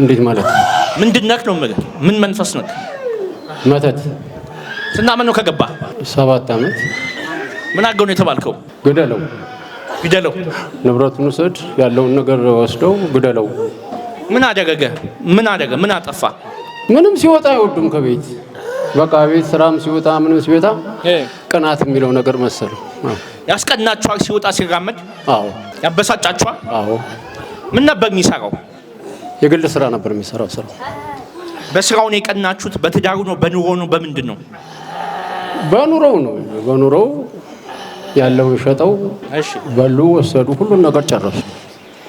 እንዴት ማለት ምንድን ነክ ነው? ምን መንፈስ ነክ? መተት ስንት ዓመት ነው ከገባ? ሰባት አመት ምን አገው ነው የተባልከው? ግደለው፣ ግደለው፣ ንብረቱን ውሰድ፣ ያለውን ነገር ወስደው ግደለው። ምን አደረገ? ምን አደረገ? ምን አጠፋ? ምንም ሲወጣ አይወዱም ከቤት በቃ ቤት ስራም ሲወጣ ምንም ሲወጣ ቅናት የሚለው ነገር መሰለ ያስቀናቸዋል ሲወጣ ሲራመድ? አዎ። ያበሳጫችኋል? አዎ። ምን ነበር የሚሰራው? የግል ስራ ነበር የሚሰራው። ስራው በስራው ነው የቀናችሁት? በትዳሩ ነው? በኑሮ ነው? በምንድን ነው? በኑሮው ነው። በኑሮው ያለው ሸጠው፣ በሉ፣ ወሰዱ፣ ሁሉን ነገር ጨረሱ።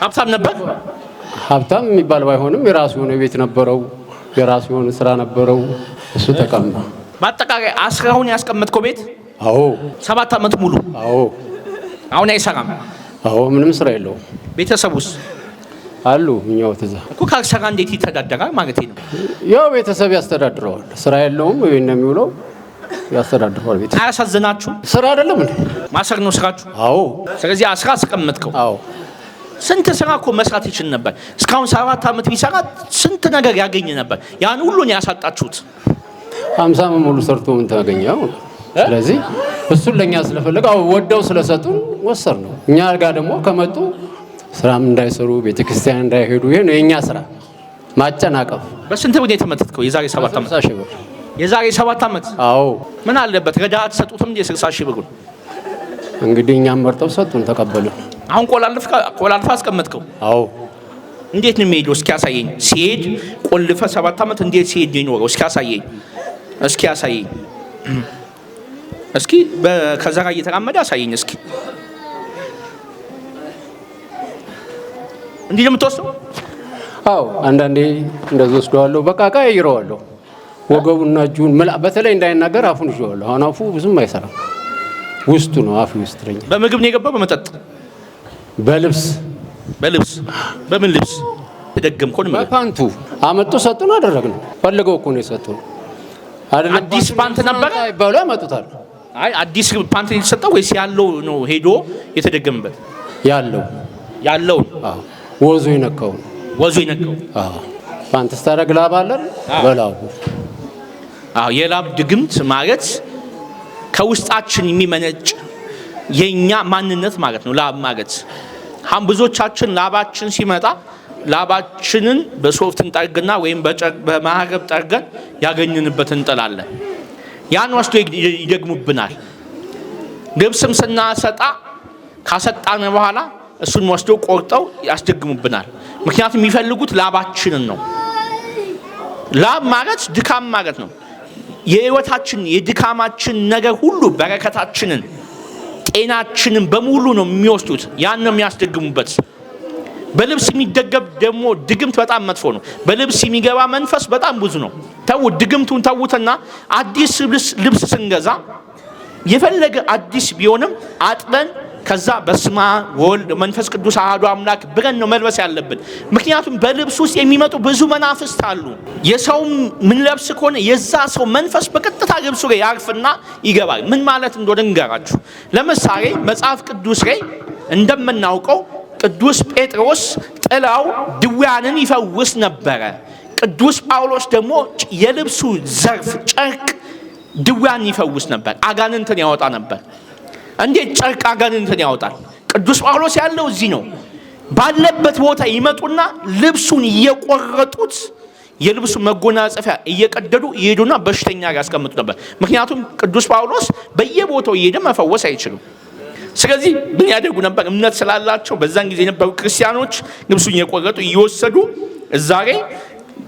ሀብታም ነበር። ሀብታም የሚባል ባይሆንም የራሱ የሆነ ቤት ነበረው፣ የራሱ የሆነ ስራ ነበረው። እሱ ተቀማ። በአጠቃላይ አስራውን ያስቀመጥከው ቤት? አዎ። ሰባት አመት ሙሉ? አዎ። አሁን አይሰራም? አዎ። ምንም ስራ የለውም። ቤተሰብ ውስጥ አሉ እኛው ትዛ እኮ ከአርሻ ጋር እንዴት ይተዳደራል ማለት ነው? ያው ቤተሰብ ያስተዳድረዋል። ስራ የለውም ወይ እንደሚውለው ያስተዳድረዋል። ቤት አያሳዝናችሁ? ስራ አይደለም እንዴ ማሰር ነው ስራችሁ? አዎ። ስለዚህ አስራ አስቀምጥከው። አዎ። ስንት ስራ እኮ መስራት ይችል ነበር። እስካሁን ሰባት ዓመት ቢሰራ ስንት ነገር ያገኝ ነበር። ያን ሁሉን ያሳጣችሁት። ሀምሳ ሙሉ ሰርቶ ምን ታገኘው? ስለዚህ እሱን ለእኛ ስለፈለገ ወደው ስለሰጡን ወሰር ነው። እኛ ጋር ደግሞ ከመጡ ስራም እንዳይሰሩ ቤተ ክርስቲያን እንዳይሄዱ፣ ይሄ ነው የኛ ስራ ማጨናቀፍ። በስንት ብር የተመተትከው? የዛሬ ሰባት ዓመት የዛሬ ሰባት ዓመት። አዎ ምን አለበት ረዳ ተሰጡትም እንደ ስልሳ ሺህ ብሩን እንግዲህ እኛም መርጠው ሰጡን፣ ተቀበሉ አሁን ቆላልፋ አስቀመጥከው? አዎ እንዴት ነው የሚሄደው? እስኪ ያሳየኝ። ሲሄድ ቆልፈ ሰባት ዓመት እንዴት ሲሄድ ይኖረው? እስኪ ያሳየኝ፣ እስኪ ያሳየኝ፣ እስኪ ከዘራ እየተራመደ አሳየኝ እስኪ እንዲህ ነው የምትወስደው? አዎ አንዳንዴ እንደዚህ ወስደዋለሁ። በቃ ቀያይረዋለሁ። ወገቡና እጁን በተለይ እንዳይናገር አፉን ይዤዋለሁ። አሁን አፉ ብዙም አይሰራም። ውስጡ ነው አፍ ውስጥ ነኝ። በምግብ ነው የገባው? በመጠጥ በልብስ በልብስ በምን ልብስ ተደገም ኮን ማለት ፓንቱ አመጡ ሰጡን አደረግን ፈልገው እኮ ነው የሰጡን። አዲስ ፓንት ነበር አይባሉ ያመጡታል። አይ አዲስ ፓንት የተሰጠው ወይስ ያለው ነው ሄዶ የተደገምበት ያለው ያለው አዎ ወዙ ይነካው ወዙ ይነካው። አዎ ፓንትስ ታረግ ላብ አለን በላቡ አዎ። የላብ ድግምት ማለት ከውስጣችን የሚመነጭ የኛ ማንነት ማለት ነው። ላብ ማለት አሁን ብዙዎቻችን ላባችን ሲመጣ ላባችንን በሶፍት እንጠርግና ወይም በማህረብ ጠርገን ያገኝንበት እንጥላለን። ያን ወስዶ ይደግሙብናል። ልብስም ስናሰጣ ካሰጣን በኋላ እሱን ወስደው ቆርጠው ያስደግሙብናል። ምክንያቱም የሚፈልጉት ላባችንን ነው። ላብ ማለት ድካም ማለት ነው። የህይወታችን የድካማችን ነገር ሁሉ በረከታችንን፣ ጤናችንን በሙሉ ነው የሚወስዱት። ያን ነው የሚያስደግሙበት። በልብስ የሚደገም ደግሞ ድግምት በጣም መጥፎ ነው። በልብስ የሚገባ መንፈስ በጣም ብዙ ነው። ተው ድግምቱን ተውትና አዲስ ልብስ ስንገዛ የፈለገ አዲስ ቢሆንም አጥበን ከዛ በስማ ወልድ መንፈስ ቅዱስ አህዶ አምላክ ብለን ነው መልበስ ያለብን። ምክንያቱም በልብስ ውስጥ የሚመጡ ብዙ መናፍስት አሉ። የሰው ምንለብስ ከሆነ የዛ ሰው መንፈስ በቀጥታ ልብሱ ላይ ያርፍና ይገባል። ምን ማለት እንደሆነ እንገራችሁ። ለምሳሌ መጽሐፍ ቅዱስ ላይ እንደምናውቀው ቅዱስ ጴጥሮስ ጥላው ድውያንን ይፈውስ ነበረ። ቅዱስ ጳውሎስ ደግሞ የልብሱ ዘርፍ ጨርቅ ድውያን ይፈውስ ነበር፣ አጋንንትን ያወጣ ነበር። እንዴት ጨርቅ አጋንንትን ያወጣል? ቅዱስ ጳውሎስ ያለው እዚህ ነው። ባለበት ቦታ ይመጡና ልብሱን እየቆረጡት የልብሱ መጎናጸፊያ እየቀደዱ ይሄዱና በሽተኛ ጋር ያስቀምጡ ነበር። ምክንያቱም ቅዱስ ጳውሎስ በየቦታው እየሄደ መፈወስ አይችሉም። ስለዚህ ምን ያደርጉ ነበር? እምነት ስላላቸው በዛን ጊዜ የነበሩ ክርስቲያኖች ልብሱን እየቆረጡ እየወሰዱ እዛሬ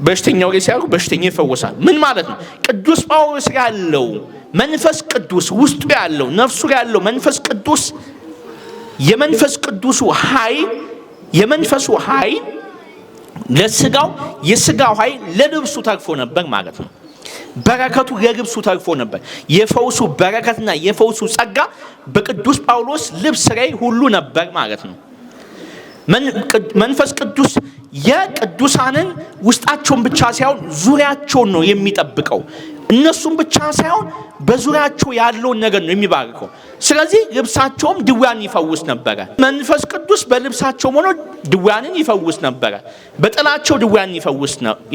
በሽተኛው ላይ ሲያደርጉ በሽተኛ ይፈወሳል። ምን ማለት ነው? ቅዱስ ጳውሎስ ያለው መንፈስ ቅዱስ ውስጡ ያለው ነፍሱ ያለው መንፈስ ቅዱስ የመንፈስ ቅዱሱ ኃይል የመንፈሱ ኃይል ለስጋው የስጋው ኃይል ለልብሱ ተርፎ ነበር ማለት ነው። በረከቱ ለልብሱ ተርፎ ነበር። የፈውሱ በረከትና የፈውሱ ጸጋ በቅዱስ ጳውሎስ ልብስ ላይ ሁሉ ነበር ማለት ነው። መንፈስ ቅዱስ የቅዱሳንን ውስጣቸውን ብቻ ሳይሆን ዙሪያቸውን ነው የሚጠብቀው። እነሱን ብቻ ሳይሆን በዙሪያቸው ያለውን ነገር ነው የሚባርከው። ስለዚህ ልብሳቸውም ድውያን ይፈውስ ነበረ። መንፈስ ቅዱስ በልብሳቸውም ሆኖ ድውያንን ይፈውስ ነበረ። በጥላቸው ድውያን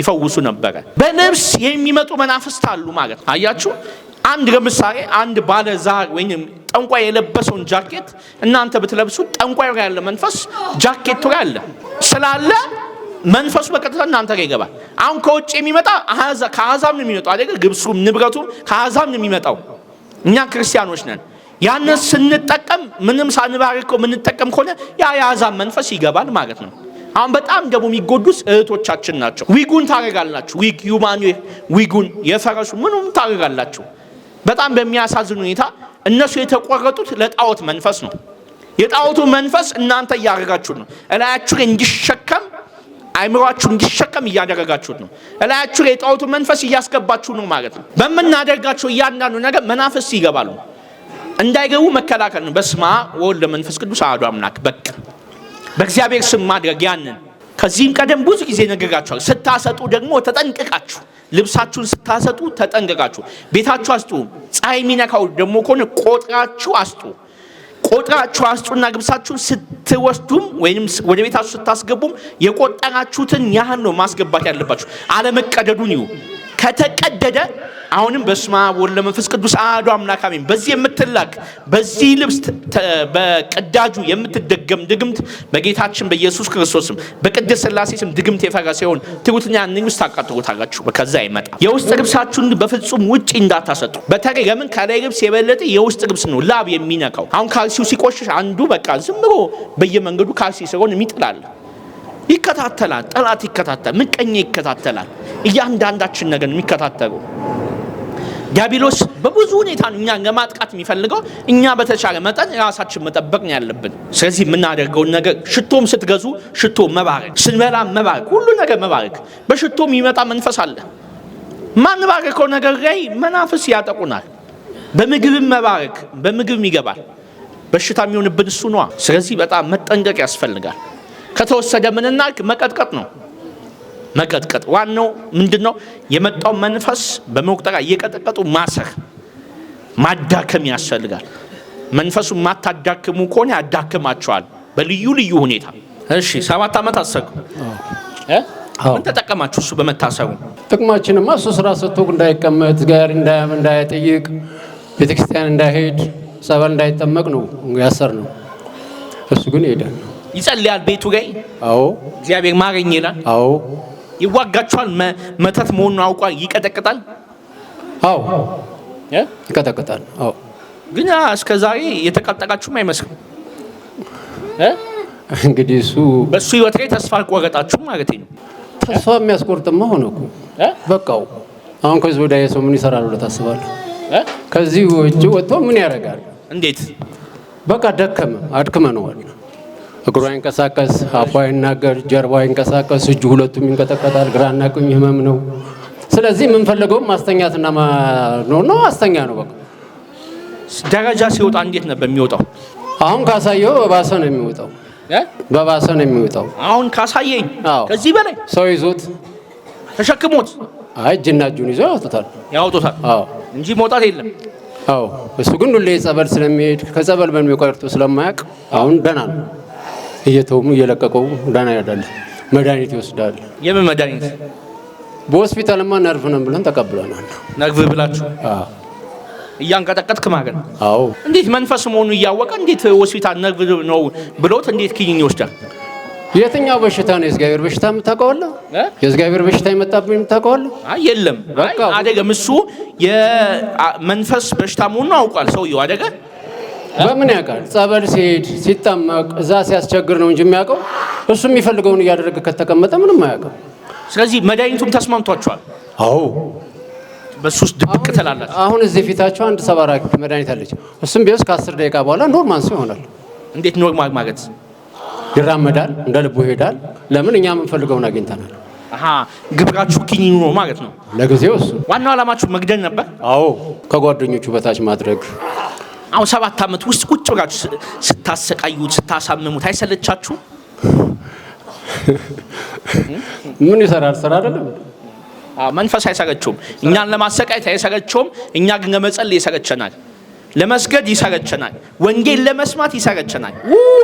ይፈውሱ ነበረ። በልብስ የሚመጡ መናፍስት አሉ ማለት አያችሁ። አንድ ለምሳሌ አንድ ባለ ዛር ወይም ጠንቋይ የለበሰውን ጃኬት እናንተ ብትለብሱ ጠንቋይ ጋር ያለ መንፈስ ጃኬቱ ጋር አለ ስላለ መንፈሱ በቀጥታ እናንተ ጋር ይገባል። አሁን ከውጭ የሚመጣ ከአሕዛብ ነው የሚመጣው አይደል? ግብሱም ንብረቱ ከአሕዛብ ነው የሚመጣው። እኛ ክርስቲያኖች ነን። ያንን ስንጠቀም ምንም ሳንባርክ የምንጠቀም ከሆነ ያ የአሕዛብ መንፈስ ይገባል ማለት ነው። አሁን በጣም ደግሞ የሚጎዱስ እህቶቻችን ናቸው። ዊጉን ታደርጋላችሁ፣ ዊግ ዩማኑ ዊጉን የፈረሱ ምኑም ታደርጋላችሁ። በጣም በሚያሳዝን ሁኔታ እነሱ የተቆረጡት ለጣዖት መንፈስ ነው። የጣዖቱ መንፈስ እናንተ እያደረጋችሁ ነው። እላያችሁ እንዲሸከም አይምሯችሁ እንዲሸከም እያደረጋችሁት ነው። እላያችሁ የጣዖቱ መንፈስ እያስገባችሁ ነው ማለት ነው። በምናደርጋቸው እያንዳንዱ ነገር መናፈስ ይገባሉ። እንዳይገቡ መከላከል ነው። በስመ አብ ወወልድ ቅዱስ አሐዱ አምላክ። በቃ በእግዚአብሔር ስም ማድረግ ያንን ከዚህም ቀደም ብዙ ጊዜ ነግሬያችኋለሁ። ስታሰጡ ደግሞ ተጠንቅቃችሁ ልብሳችሁን ስታሰጡ ተጠንቀቃችሁ። ቤታችሁ አስጡ። ፀሐይ የሚነካው ደግሞ ከሆነ ቆጥራችሁ አስጡ። ቆጥራችሁ አስጡና ልብሳችሁን ስትወስዱም ወይም ወደ ቤታችሁ ስታስገቡም የቆጠራችሁትን ያህል ነው ማስገባት ያለባችሁ። አለመቀደዱን ይሁ ከተቀደደ አሁንም በስመ አብ ወወልድ ወመንፈስ ቅዱስ አሐዱ አምላክ አሜን። በዚህ የምትላክ በዚህ ልብስ በቅዳጁ የምትደገም ድግምት በጌታችን በኢየሱስ ክርስቶስም በቅድስት ሥላሴ ስም ድግምት የፈራ ሲሆን ትጉትኛ አንኝ ውስጥ ታቃጥሩታላችሁ። ከዛ ይመጣ የውስጥ ልብሳችሁን በፍጹም ውጭ እንዳታሰጡ። በተለይ ለምን ከላይ ልብስ የበለጠ የውስጥ ልብስ ነው ላብ የሚነካው። አሁን ካልሲው ሲቆሽሽ አንዱ በቃ ዝም ብሎ በየመንገዱ ካልሲ ሲሆን የሚጥላል ይከታተላል። ጠላት ይከታተላል። ምቀኛ ይከታተላል። እያንዳንዳችን ነገር የሚከታተሉ ዲያብሎስ በብዙ ሁኔታ እኛን ለማጥቃት የሚፈልገው እኛ በተቻለ መጠን ራሳችን መጠበቅ ነው ያለብን። ስለዚህ የምናደርገውን ነገር ሽቶም ስትገዙ ሽቶ መባረክ፣ ስንበላ መባረክ፣ ሁሉ ነገር መባረክ። በሽቶ የሚመጣ መንፈስ አለ። ማንባረከው ነገር ላይ መናፍስ ያጠቁናል። በምግብም መባረክ፣ በምግብም ይገባል። በሽታ የሚሆንብን እሱ ነዋ። ስለዚህ በጣም መጠንቀቅ ያስፈልጋል። ከተወሰደ ምንና መቀጥቀጥ ነው። መቀጥቀጥ ዋናው ምንድን ነው? የመጣው መንፈስ በመቁጠሪያ እየቀጠቀጡ ማሰር፣ ማዳከም ያስፈልጋል። መንፈሱ የማታዳክሙ ከሆነ ያዳክማቸዋል በልዩ ልዩ ሁኔታ። እሺ ሰባት ዓመት አሰሩ። ምን ተጠቀማችሁ? እሱ በመታሰሩ ጥቅማችንማ እሱ ስራ ሰጥቶ እንዳይቀመጥ ጋር እንዳያጠይቅ ቤተክርስቲያን እንዳይሄድ ጸበል እንዳይጠመቅ ነው ያሰር ነው። እሱ ግን ይሄዳል። ይጸልያል ቤቱ ላይ። አዎ እግዚአብሔር ማረኝ ይላል። አዎ ይዋጋችኋል። መተት መሆኑን አውቋል። ይቀጠቅጣል። አዎ ይቀጠቅጣል። አዎ ግን እስከ ዛሬ የተቀጠቃችሁም አይመስልም። እንግዲህ እሱ በእሱ ህይወት ላይ ተስፋ አልቆረጣችሁም ማለት ነው። ተስፋ የሚያስቆርጥማ ሆነ እኮ በቃው። አሁን ከዚህ ወዲያ የሰው ምን ይሰራል ብለህ ታስባለህ? ከዚህ ውጭ ወጥቶ ምን ያደርጋል? እንዴት በቃ ደከመ አድክመ ነዋል እግሯ ይንቀሳቀስ፣ አፏ ይናገር፣ ጀርባ ይንቀሳቀስ፣ እጁ ሁለቱም ይንቀጠቀጣል። ግራና ቀኝ ህመም ነው። ስለዚህ የምንፈልገውም ማስተኛትና ነው ነው ማስተኛ ነው። በቃ ደረጃ ሲወጣ እንዴት ነበር የሚወጣው? አሁን ካሳየው በባሰ ነው የሚወጣው፣ በባሰ ነው የሚወጣው። አሁን ካሳየኝ ከዚህ በላይ ሰው ይዞት ተሸክሞት፣ አይ እጅና እጁን ይዞ ያወጡታል፣ ያወጡታል እንጂ መውጣት የለም። አዎ እሱ ግን ሁሌ ጸበል ስለሚሄድ ከጸበል በሚቆርጡ ስለማያውቅ አሁን ደህና ነው። እየተውሙ እየለቀቁ ደህና ያዳል። መድኃኒት ይወስዳል። የምን መድኃኒት? በሆስፒታልማ ነርቭ ነን ብለን ተቀብለናል። ነርቭ ብላችሁ እያንቀጠቀጥክ ማለት ነው? አዎ። እንዴት መንፈስ መሆኑ እያወቀ እንዴት ሆስፒታል ነርቭ ነው ብሎት እንዴት ኪኒን ይወስዳል? የትኛው በሽታ ነው? የእግዚአብሔር በሽታ የምታውቀዋለህ? የእግዚአብሔር በሽታ የመጣብህ የምታውቀዋለህ? አይ የለም፣ አደገም። እሱ የመንፈስ በሽታ መሆኑን አውቋል ሰውየው አደገ በምን ያውቃል? ጸበል ሲሄድ ሲጠመቅ እዛ ሲያስቸግር ነው እንጂ የሚያውቀው እሱ የሚፈልገውን እያደረገ ከተቀመጠ ምንም አያውቅም። ስለዚህ መድኃኒቱም ተስማምቷቸዋል። አዎ በሱ ውስጥ ድብቅ ትላላችሁ። አሁን እዚህ ፊታቸው አንድ ሰባራ መድኃኒት አለች። እሱም ቢወስድ ከአስር ደቂቃ በኋላ ኖርማል ሰው ይሆናል። እንዴት ኖርማል ማለት? ይራመዳል፣ እንደ ልቡ ይሄዳል። ለምን? እኛ የምንፈልገውን አግኝተናል። አሀ ግብራችሁ ኪኒ ነው ማለት ነው። ለጊዜው እሱ ዋናው ዓላማችሁ መግደል ነበር። አዎ ከጓደኞቹ በታች ማድረግ አሁን ሰባት ዓመት ውስጥ ቁጭ ብላችሁ ስታሰቃዩት ስታሳምሙት አይሰለቻችሁ? ምን ይሰራል? ስራ አይደለም። መንፈስ አይሰለችውም። እኛን ለማሰቃየት አይሰለቸውም። እኛ ግን ለመጸል ይሰለቸናል፣ ለመስገድ ይሰለቸናል፣ ወንጌል ለመስማት ይሰለቸናል።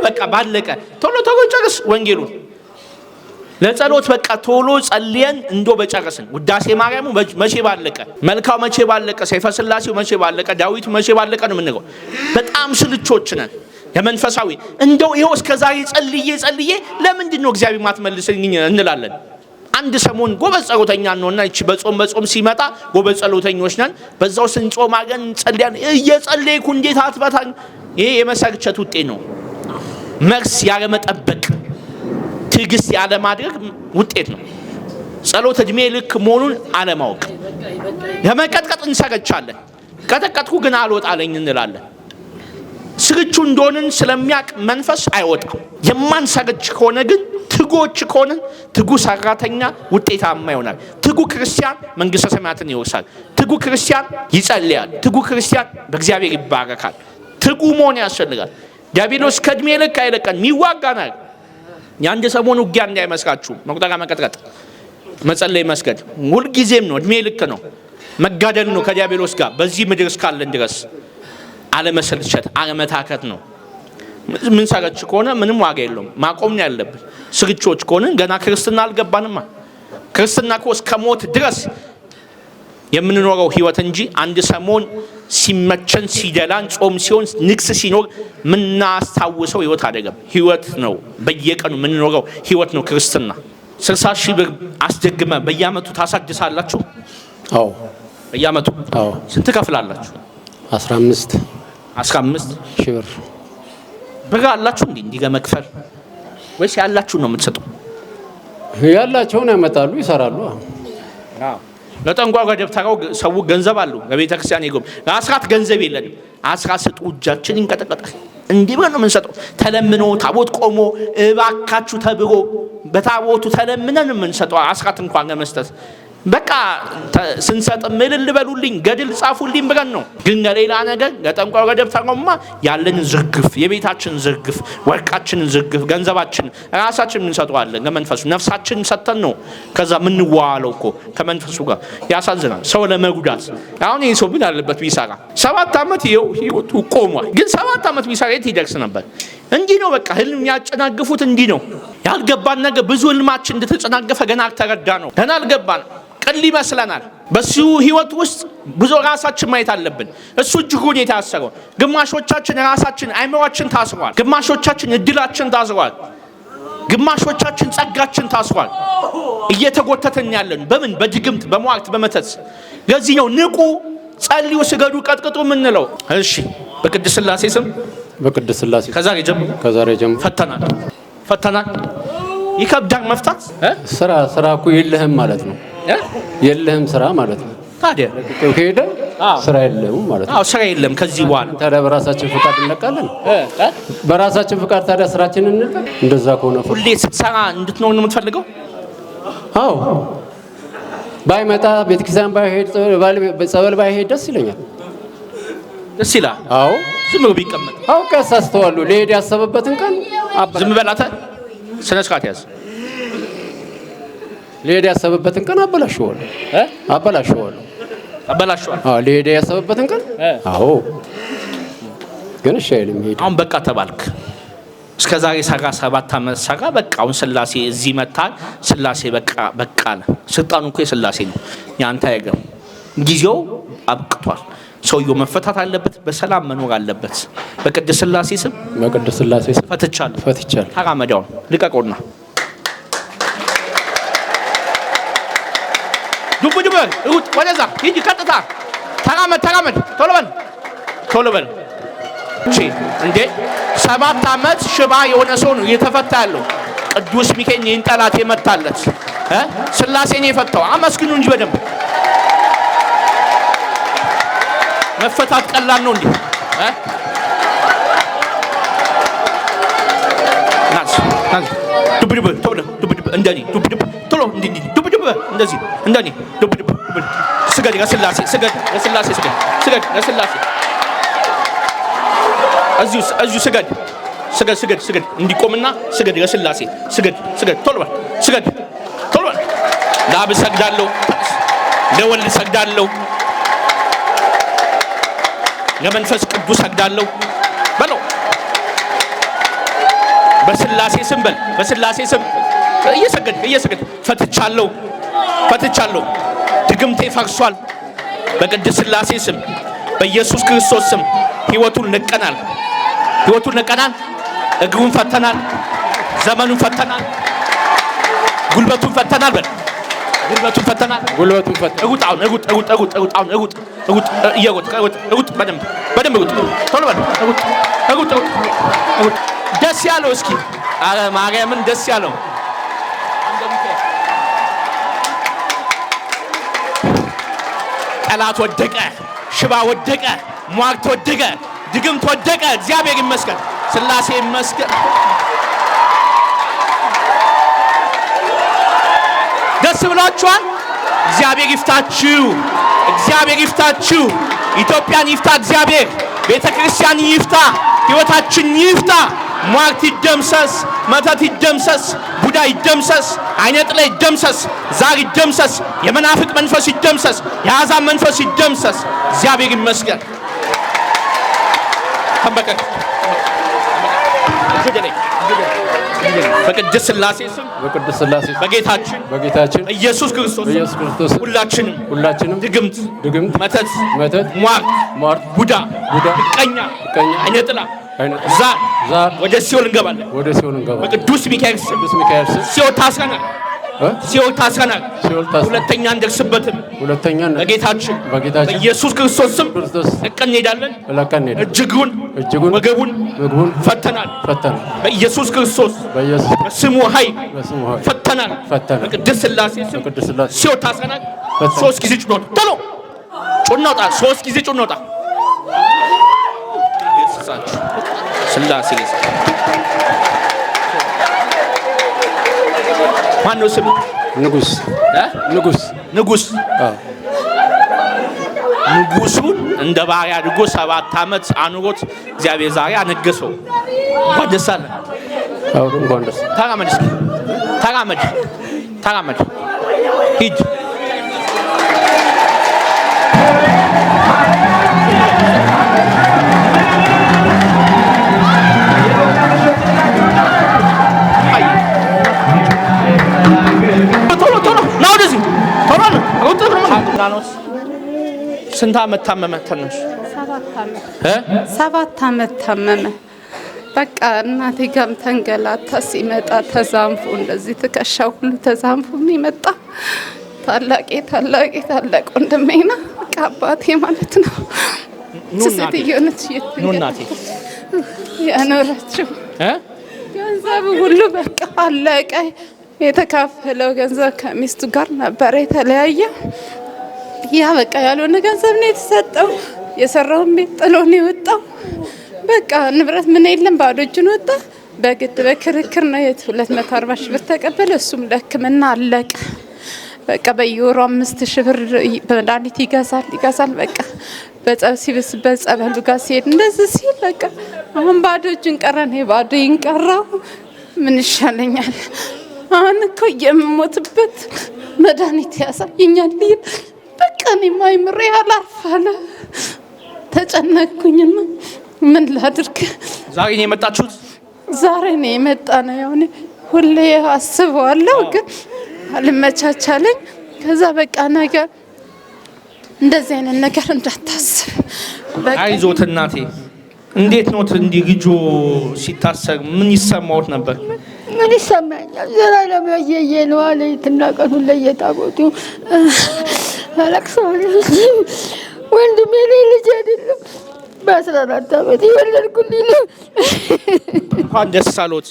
በቃ ባለቀ። ቶሎ ቶሎ ጨርስ ወንጌሉን ለጸሎት በቃ ቶሎ ጸልየን እንዶ በጨረስን። ውዳሴ ማርያሙ መቼ ባለቀ፣ መልካው መቼ ባለቀ፣ ሰይፈ ስላሴው መቼ ባለቀ፣ ዳዊቱ መቼ ባለቀ ነው የምንለው። በጣም ስልቾች ነን ለመንፈሳዊ። እንደው ይኸው እስከ ዛሬ ጸልዬ ጸልዬ ለምንድን ነው እግዚአብሔር ማትመልስልኝ እንላለን። አንድ ሰሞን ጎበዝ ጸሎተኛ ነውና ይቺ በጾም በጾም ሲመጣ ጎበዝ ጸሎተኞች ነን። በዛው ስንጾም አገን ጸልያን እየጸለይኩ እንዴት አትበታኝ። ይሄ የመሰርቸት ውጤት ነው፣ መርስ ያለመጠበቅ ትዕግስት ያለማድረግ ውጤት ነው። ጸሎት እድሜ ልክ መሆኑን አለማወቅ። ለመቀጥቀጥ እንሰገቻለን። ቀጠቀጥኩ ግን አልወጣለኝ እንላለን። ስርቹ እንደሆንን ስለሚያቅ መንፈስ አይወጣም። የማንሰረች ከሆነ ግን ትጉዎች ከሆነ ትጉ ሰራተኛ ውጤታማ ይሆናል። ትጉ ክርስቲያን መንግሥተ ሰማያትን ይወርሳል። ትጉ ክርስቲያን ይጸልያል። ትጉ ክርስቲያን በእግዚአብሔር ይባረካል። ትጉ መሆን ያስፈልጋል። ዲያብሎስ ከእድሜ ልክ አይለቀን፣ ይዋጋናል። የአንድ ሰሞን ውጊያ እንዳይመስላችሁ። መቁጠሪያ መቀጥቀጥ፣ መጸለይ፣ መስገድ ሁልጊዜም ነው። እድሜ ልክ ነው። መጋደል ነው ከዲያብሎስ ጋር በዚህ ምድር እስካለን ድረስ አለመሰልቸት፣ አለመታከት ነው። ምን ሰረች ከሆነ ምንም ዋጋ የለውም። ማቆም ነው ያለብን። ስርቾች ከሆነ ገና ክርስትና አልገባንማ። ክርስትና እስከ ሞት ድረስ የምንኖረው ህይወት እንጂ አንድ ሰሞን ሲመቸን ሲደላን ጾም ሲሆን ንግስ ሲኖር ምናስታውሰው ህይወት አደገም ህይወት ነው በየቀኑ የምንኖረው ህይወት ነው ክርስትና። ስልሳ ሺህ ብር አስደግመ በየአመቱ ታሳድሳላችሁ? አዎ በየአመቱ ስንት ከፍላላችሁ? አስራ አምስት አስራ አምስት ብር ብር አላችሁ እንዲ እንዲገ መክፈል ወይስ ያላችሁ ነው የምትሰጠው? ያላቸውን ያመጣሉ ይሰራሉ። ለጠንቋጋ ደብተራው ሰው ገንዘብ አሉ በቤተ ክርስቲያን ይገቡ አስራት ገንዘብ የለንም። አስራት ስጡ እጃችን ይንቀጠቀጣል። እንዲህ ብለን ነው የምንሰጠው። ተለምኖ ታቦት ቆሞ እባካችሁ ተብሮ በታቦቱ ተለምነን የምንሰጠው አስራት እንኳን ለመስጠት በቃ ስንሰጥ እልል በሉልኝ፣ ገድል ጻፉልኝ ብለን ነው። ግን ለሌላ ነገር ለጠንቋይ ገደብ ተቆማ ያለን ዝርግፍ፣ የቤታችን ዝርግፍ፣ ወርቃችንን ዝርግፍ፣ ገንዘባችን ራሳችን እንሰጠዋለን ለመንፈሱ። ነፍሳችን ሰተን ነው ከዛ የምንዋዋለው እኮ ከመንፈሱ ጋር። ያሳዝናል። ሰው ለመጉዳት አሁን ይህ ሰው ምን አለበት ቢሰራ? ሰባት ዓመት ይኸው ህይወቱ ቆሟል። ግን ሰባት ዓመት ቢሰራ የት ይደርስ ነበር? እንዲህ ነው በቃ ህልም የሚያጨናግፉት እንዲህ ነው ያልገባን ነገር ብዙ ህልማችን እንደተጨናገፈ ገና አልተረዳ ነው ገና አልገባን ቅል ይመስለናል። በሱ ህይወት ውስጥ ብዙ ራሳችን ማየት አለብን። እሱ እጅጉን የታሰረው ግማሾቻችን ራሳችን አይምሯችን ታስሯል። ግማሾቻችን እድላችን ታስሯል። ግማሾቻችን ጸጋችን ታስሯል። እየተጎተተን ያለን በምን በድግምት በሟርት በመተት። ለዚህ ነው ንቁ፣ ጸልዩ፣ ስገዱ፣ ቀጥቅጡ የምንለው። እሺ በቅድስት ስላሴ ስም በቅድስት ሥላሴ ከዛሬ ጀምሮ ከዛሬ ጀምሮ ፈተናል ፈተናል። ይከብዳል መፍታት። ስራ ስራ እኮ የለህም ማለት ነው የለህም ስራ ማለት ነው። ታዲያ ከሄደ ስራ የለም ማለት ነው። ስራ የለም ከዚህ በኋላ ታዲያ በራሳችን ፍቃድ እንለቃለን። በራሳችን ፍቃድ ታዲያ ስራችን እንለቅ። እንደዛ ከሆነ ሁሌ ስትሰራ እንድትኖር ነው የምትፈልገው? አዎ ባይመጣ ቤተክርስቲያን ባይሄድ ጸበል ባይሄድ ደስ ይለኛል። ደስ ይላል። አዎ ዝም ብሎ ቢቀመጥ አውቀስ አስተዋሉ ሊሄድ ያሰበበትን ቀን ዝም በላተ ስነ ስርዓት ያዝ ሊሄድ ያሰበበትን ቀን አበላሽዋለሁ አበላሽዋለሁ አበላሽዋለሁ። አዎ ሊሄድ ያሰበበትን ቀን አዎ። ግን እሺ አይልም። ሄድ አሁን በቃ ተባልክ። እስከ ዛሬ ሰራ ሰባት ዓመት ሰራ። በቃ አሁን ስላሴ እዚህ መታል። ስላሴ በቃ በቃ አለ። ስልጣኑ እኮ የስላሴ ነው ያንተ አይገርም። ጊዜው አብቅቷል። ሰውየው መፈታት አለበት። በሰላም መኖር አለበት። በቅድስ ስላሴ ስም በቅድስት ስላሴ ስም ፈትቻለሁ ፈትቻለሁ። ተራመዳውን ልቀቁና ጅቡ ጅቡ በል እውጥ፣ ወደዛ ሂጂ፣ ቀጥታ ተራመድ፣ ተራመድ፣ ቶሎ በል፣ ቶሎ በል። እቺ እንዴ ሰባት ዓመት ሽባ የሆነ ሰው ነው እየተፈታ ያለው። ቅዱስ ሚካኤል ይህን ጠላት የመታለት ስላሴ ነው የፈታው። አመስግኑ እንጂ በደንብ መፈታት ቀላል ነው እንዴ? ናስ ዱብ ዱብ ቶሎ ዱብ ዱብ እንደኔ ዱብ ዱብ ቶሎ እንዴ ዱብ እንደዚህ እንደኔ ዱብ ዱብ ዱብ ስገድ ለስላሴ ስገድ ለስላሴ ስገድ ስገድ ለስላሴ እዚሁ እዚሁ ስገድ ስገድ ስገድ ስገድ እንዲቆምና ስገድ ለስላሴ ስገድ ስገድ ቶሎ በል ስገድ ቶሎ በል ለአብ ሰግዳለሁ ለወልድ ሰግዳለሁ ለመንፈስ ቅዱስ ሰግዳለሁ በለው በስላሴ ስም በል በስላሴ ስም እየሰገድ እየሰገድ ፈትቻለሁ ፈትቻለሁ። ድግምቴ ፈርሷል። በቅድስት ሥላሴ ስም በኢየሱስ ክርስቶስ ስም ህይወቱን ለቀናል። ህይወቱን ለቀናል። እግሩን ፈተናል። ዘመኑን ፈተናል። ጉልበቱን ፈተናል። በል ጉልበቱን ፈተናል። ጉልበቱን ፈተናል። እሩጥ አሁን እሩጥ እሩጥ እሩጥ እሩጥ አሁን እሩጥ እሩጥ እየሩጥ እሩጥ እሩጥ በደንብ በደንብ እሩጥ ቶሎ በል እሩጥ እሩጥ እሩጥ ደስ ያለው እስኪ አረ ማርያምን ደስ ያለው ጠላት ወደቀ፣ ሽባ ወደቀ፣ ሟርት ወደቀ፣ ድግምት ወደቀ። እግዚአብሔር ይመስገን፣ ስላሴ ይመስገን። ደስ ብሏችኋል? እግዚአብሔር ይፍታችሁ፣ እግዚአብሔር ይፍታችሁ፣ ኢትዮጵያን ይፍታ እግዚአብሔር፣ ቤተ ክርስቲያን ይፍታ፣ ሕይወታችን ይፍታ። ሟርት ይደምሰስ፣ መተት ይደምሰስ፣ ይሁዳ ይደምሰስ፣ አይነጥላ ይደምሰስ፣ ዛር ይደምሰስ፣ የመናፍቅ መንፈስ ይደምሰስ፣ የአሕዛብ መንፈስ ይደምሰስ። እግዚአብሔር ይመስገን። ተንበቀቅ በቅድስት ስላሴ ስም በቅድስት ስላሴ በጌታችን በጌታችን ኢየሱስ ክርስቶስ ኢየሱስ ክርስቶስ ሁላችንም ሁላችንም ድግምት ድግምት መተት መተት ሟርት ሟርት ቡዳ ቡዳ ምቀኛ ምቀኛ አይነጥላ ወደ ሲኦል እንገባለን። ወደ ሲኦል እንገባለን። በቅዱስ ሚካኤል ስም ሲኦል ታስረናል። ሲኦል ታስረናል። ሁለተኛ እንደርስበትም። ሁለተኛ በጌታችን በኢየሱስ ክርስቶስ ስም ለቀን እንሄዳለን። እጅጉን ፈተናል። በኢየሱስ ክርስቶስ በስሙ ፈተናል። በቅድስት ሥላሴ ስም ሲኦል ታስረናል። ሶስት ጊዜ ቶሎ ሶስት ጊዜ ስላሴ ማን ነው ስም? ንጉስ ንጉስ ንጉስ ንጉሱን እንደ ባሪያ አድርጎ ሰባት ዓመት አኑሮት እግዚአብሔር ዛሬ አነገሰው። እንኳን ደስ አለ። ተራመድ፣ ተራመድ፣ ተራመድ፣ ሂድ ሊባኖስ ስንት አመት ታመመ? ትንሽ ሰባት አመት ታመመ። በቃ እናቴ ጋም ተንገላታ ሲመጣ ተዛንፎ እንደዚህ ትከሻ ሁሉ ተዛንፎ የሚመጣ ታላቄ ታላቄ ታላቅ ወንድሜና በቃ አባቴ ማለት ነው። ሴትዮነች ናቴ ያኖረችው ገንዘብ ሁሉ በቃ አለቀ። የተካፈለው ገንዘብ ከሚስቱ ጋር ነበረ የተለያየ ያ በቃ ያልሆነ ገንዘብ ነው የተሰጠው። የሰራውን ቤት ጥሎ ነው የወጣው። በቃ ንብረት ምን የለም ባዶ እጁን ወጣ። በግድ በክርክር ነው የት 240 ሺህ ብር ተቀበለ። እሱም ለሕክምና አለቀ። በቃ በየወሩ አምስት ሺህ ብር በመድኃኒት ይገዛል ይገዛል። በቃ በጸብ ሲብስ ጸበሉ ጋር ሲሄድ እንደዚህ ሲል በቃ አሁን ባዶ እጁን ቀረ። ባዶ ይንቀራው ምን ይሻለኛል አሁን እኮ የምሞትበት መድኃኒት ያሳየኛል። በቃ እኔማ አይምሬ አላርፋለ ተጨነቅኩኝና ምን ላድርግ። ዛሬ ነው የመጣችሁት? ዛሬ ነው የመጣ ነው። ያው ሁሌ አስበዋለሁ፣ ግን አልመቻቻለኝ። ከዛ በቃ ነገር እንደዚህ አይነት ነገር እንዳታስብ። አይዞት እናቴ። እንዴት ኖት? እንዲህ ግጆ ሲታሰር ምን ይሰማዎት ነበር? ምን ይሰማኛል? ዘላለም ያየየ ነው አለ የትናቀቱ ለየታቦቱ አለቅሳለሁ። ወንድሜ እኔ ልጅ አይደለም በአስራ አራት ዓመት የወለድኩልኝ ነው። እንኳን ደስ አሎት።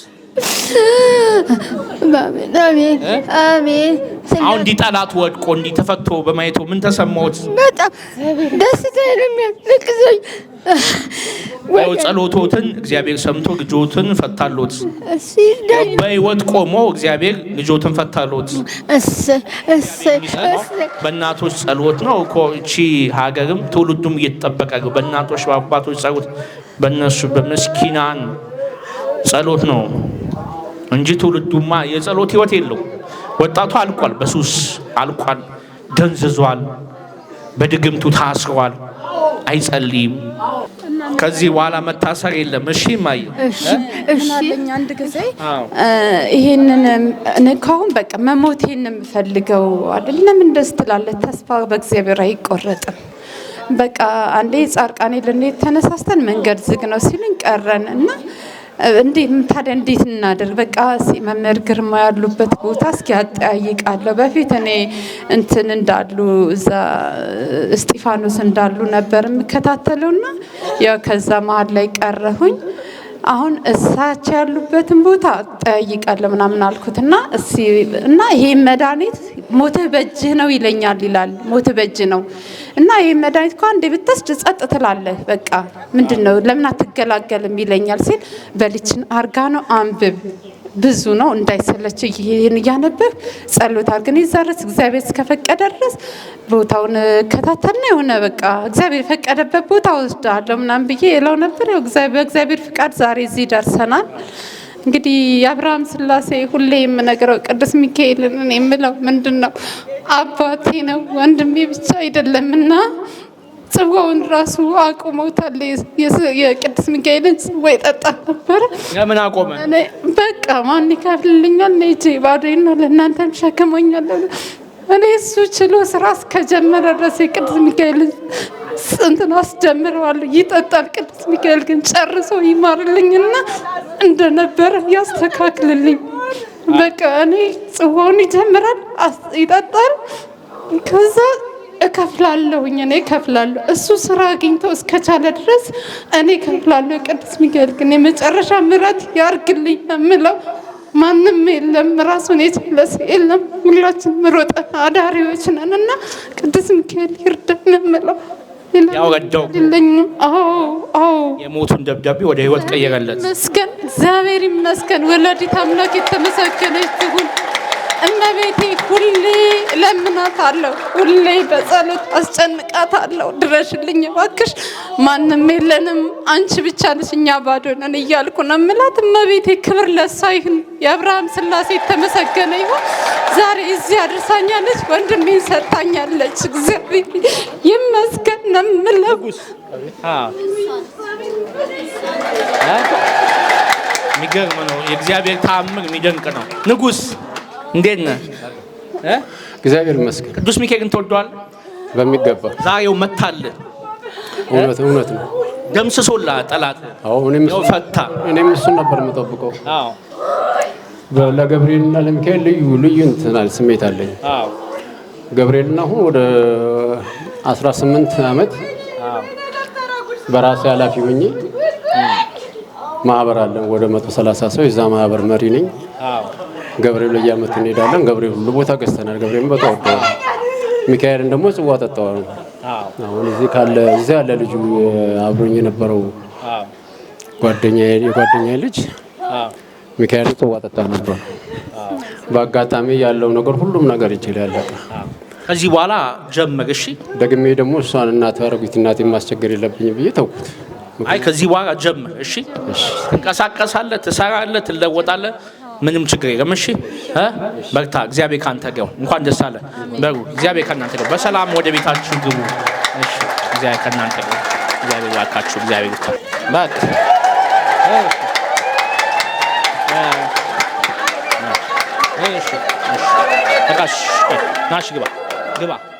አሁን እንዲህ ጠላት ወድቆ እንዲህ ተፈቶ በማየቱ ምን ተሰማዎት? በጣም ደስታ ነው የሚያስለቅሰኝ። ያው ጸሎቶትን እግዚአብሔር ሰምቶ ልጆትን ፈታሎት። በህይወት ቆሞ እግዚአብሔር ልጆትን ፈታሎት። በእናቶች ጸሎት ነው እኮ እቺ ሀገርም ትውልዱም እየተጠበቀ በእናቶች በአባቶች ጸሎት፣ በእነሱ በምስኪናን ጸሎት ነው እንጂ ትውልዱማ የጸሎት ህይወት የለው። ወጣቱ አልቋል፣ በሱስ አልቋል፣ ደንዝዟል፣ በድግምቱ ታስሯል፣ አይጸልይም። ከዚህ በኋላ መታሰር የለም። እሺ ማየ፣ እሺ አንድ ጊዜ ይሄንን እኔ ካሁን በቃ መሞቴን የምፈልገው አይደል። ለምን እንደዚህ ትላለህ? ተስፋ በእግዚአብሔር አይቆረጥም። በቃ አንዴ ጻርቃኔ ልንሄድ ተነሳስተን መንገድ ዝግ ነው ሲልን ቀረን እና እንዴት ታዲያ እንዴት እናደርግ? በቃ እስኪ መምህር ግርማ ያሉበት ቦታ እስኪ አጠያይቃለሁ። በፊት እኔ እንትን እንዳሉ እዛ እስጢፋኖስ እንዳሉ ነበር የምከታተለውና ያው ከዛ መሀል ላይ ቀረሁኝ። አሁን እሳቸው ያሉበትን ቦታ ጠይቃለ ምናምን አልኩትና እና ይሄ መድኃኒት ሞት በእጅህ ነው ይለኛል ይላል። ሞት በእጅ ነው እና ይሄ መድኃኒት እኮ አንዴ ብትወስድ ጸጥ ትላለህ። በቃ ምንድን ነው ለምን አትገላገልም ይለኛል ሲል በልችን አርጋ ነው አንብብ ብዙ ነው እንዳይሰለች ይህን እያነበብ ጸሎት አድርገን ይዛረስ እግዚአብሔር እስከፈቀደ ድረስ ቦታውን እከታተልና የሆነ በቃ እግዚአብሔር የፈቀደበት ቦታ ወስዳለሁ ምናምን ብዬ የለው ነበር። በእግዚአብሔር ፍቃድ ዛሬ እዚህ ደርሰናል። እንግዲህ የአብርሃም ስላሴ ሁሌ የምነግረው ቅዱስ ሚካኤልን የምለው ምንድን ነው አባቴ ነው ወንድሜ ብቻ አይደለም አይደለምና ጽዋውን ራሱ አቁመውታል። የቅዱስ ሚካኤልን ጽዋ ይጠጣ ነበረ። ለምን አቆመ? በቃ ማን ይካፍልልኛል? ነጅ ባዶዬን ነው፣ ለእናንተም እኔ እሱ ችሎ ስራ እስከጀመረ ድረስ የቅዱስ ሚካኤልን እንትን አስጀምረዋለሁ። ይጠጣል። ቅዱስ ሚካኤል ግን ጨርሶ ይማርልኝና እንደነበረ ያስተካክልልኝ። በቃ እኔ ጽዋውን ይጀምራል፣ ይጠጣል ከዛ እከፍላለሁኝ እኔ እከፍላለሁ። እሱ ስራ አግኝቶ እስከቻለ ድረስ እኔ እከፍላለሁ። ቅዱስ ሚካኤል ግን የመጨረሻ ምሕረት ያርግልኝ የምለው ማንም የለም፣ ራሱን የቻለ የለም። ሁላችንም ሮጠን አዳሪዎች ነን እና ቅዱስ ሚካኤል ይርዳን የምለው ያው ረዳው የሞቱን ደብዳቤ ወደ ህይወት ቀየረለት። መስገን እግዚአብሔር ይመስገን። ወላዲት አምላክ የተመሰገነች ትሁን። እመቤቴ ሁሌ እለምናታለሁ፣ ሁሌ በጸሎት አስጨንቃታለሁ። ድረሽልኝ እባክሽ፣ ማንም የለንም አንቺ ብቻ ነሽ፣ እኛ ባዶ ነን እያልኩ ነው የምላት። እመቤቴ ክብር ለሷ ይሁን። የአብርሃም ስላሴ የተመሰገነ ይሁን። ዛሬ እዚህ አድርሳኛለች፣ ወንድሜን ሰጥታኛለች። እግዚአብሔር ይመስገን ነው የምለው። የሚገርም ነው የእግዚአብሔር ተአምር፣ የሚደንቅ ነው ንጉስ እንዴት ነህ? እግዚአብሔር ይመስገን። ቅዱስ ሚካኤልን ተወልዷል በሚገባ ዛሬው መታል። እውነት እውነት ነው። ደምስሶላ ጠላት። አዎ እኔም ፈታ። እኔም እሱ ነበር የምጠብቀው። አዎ ለገብርኤልና ለሚካኤል ልዩ ልዩ እንትን ስሜት አለኝ። አዎ ገብርኤልና አሁን ወደ 18 ዓመት በራሴ ኃላፊ ሆኜ ማህበር አለን ወደ 130 ሰው የዛ ማህበር መሪ ነኝ። ገብርኤል ለየዓመቱ እንሄዳለን። ገብርኤል ሁሉ ቦታ ገዝተናል። ገብርኤል በጣም ወደዋል። ሚካኤልን ደግሞ ጽዋ ጠጣዋል። አሁን እዚህ ካለ እዚህ ያለ ልጁ አብሮኝ የነበረው የጓደኛ ልጅ ሚካኤል ጽዋ ጠጣ ነበር። በአጋጣሚ ያለው ነገር ሁሉም ነገር ይችላል። ያለቀ ከዚህ በኋላ ጀመር። እሺ ደግሜ ደግሞ እሷን እናት አረጉት እናቴ ማስቸገር የለብኝ ብዬ ተውኩት። አይ ከዚህ በኋላ ጀመር። እሺ ትንቀሳቀሳለህ፣ ትሰራለህ፣ ትለወጣለህ ምንም ችግር የለም። እሺ በርታ። እግዚአብሔር ካንተ ገው እንኳን ደስ አለ በሩ። እግዚአብሔር ከእናንተ ገው በሰላም ወደ ቤታችሁ ግቡ። እሺ እግዚአብሔር ከእናንተ ገው እግዚአብሔር ያካችሁ እግዚአብሔር ብቻ በቃ እሺ እሺ ግባ ግባ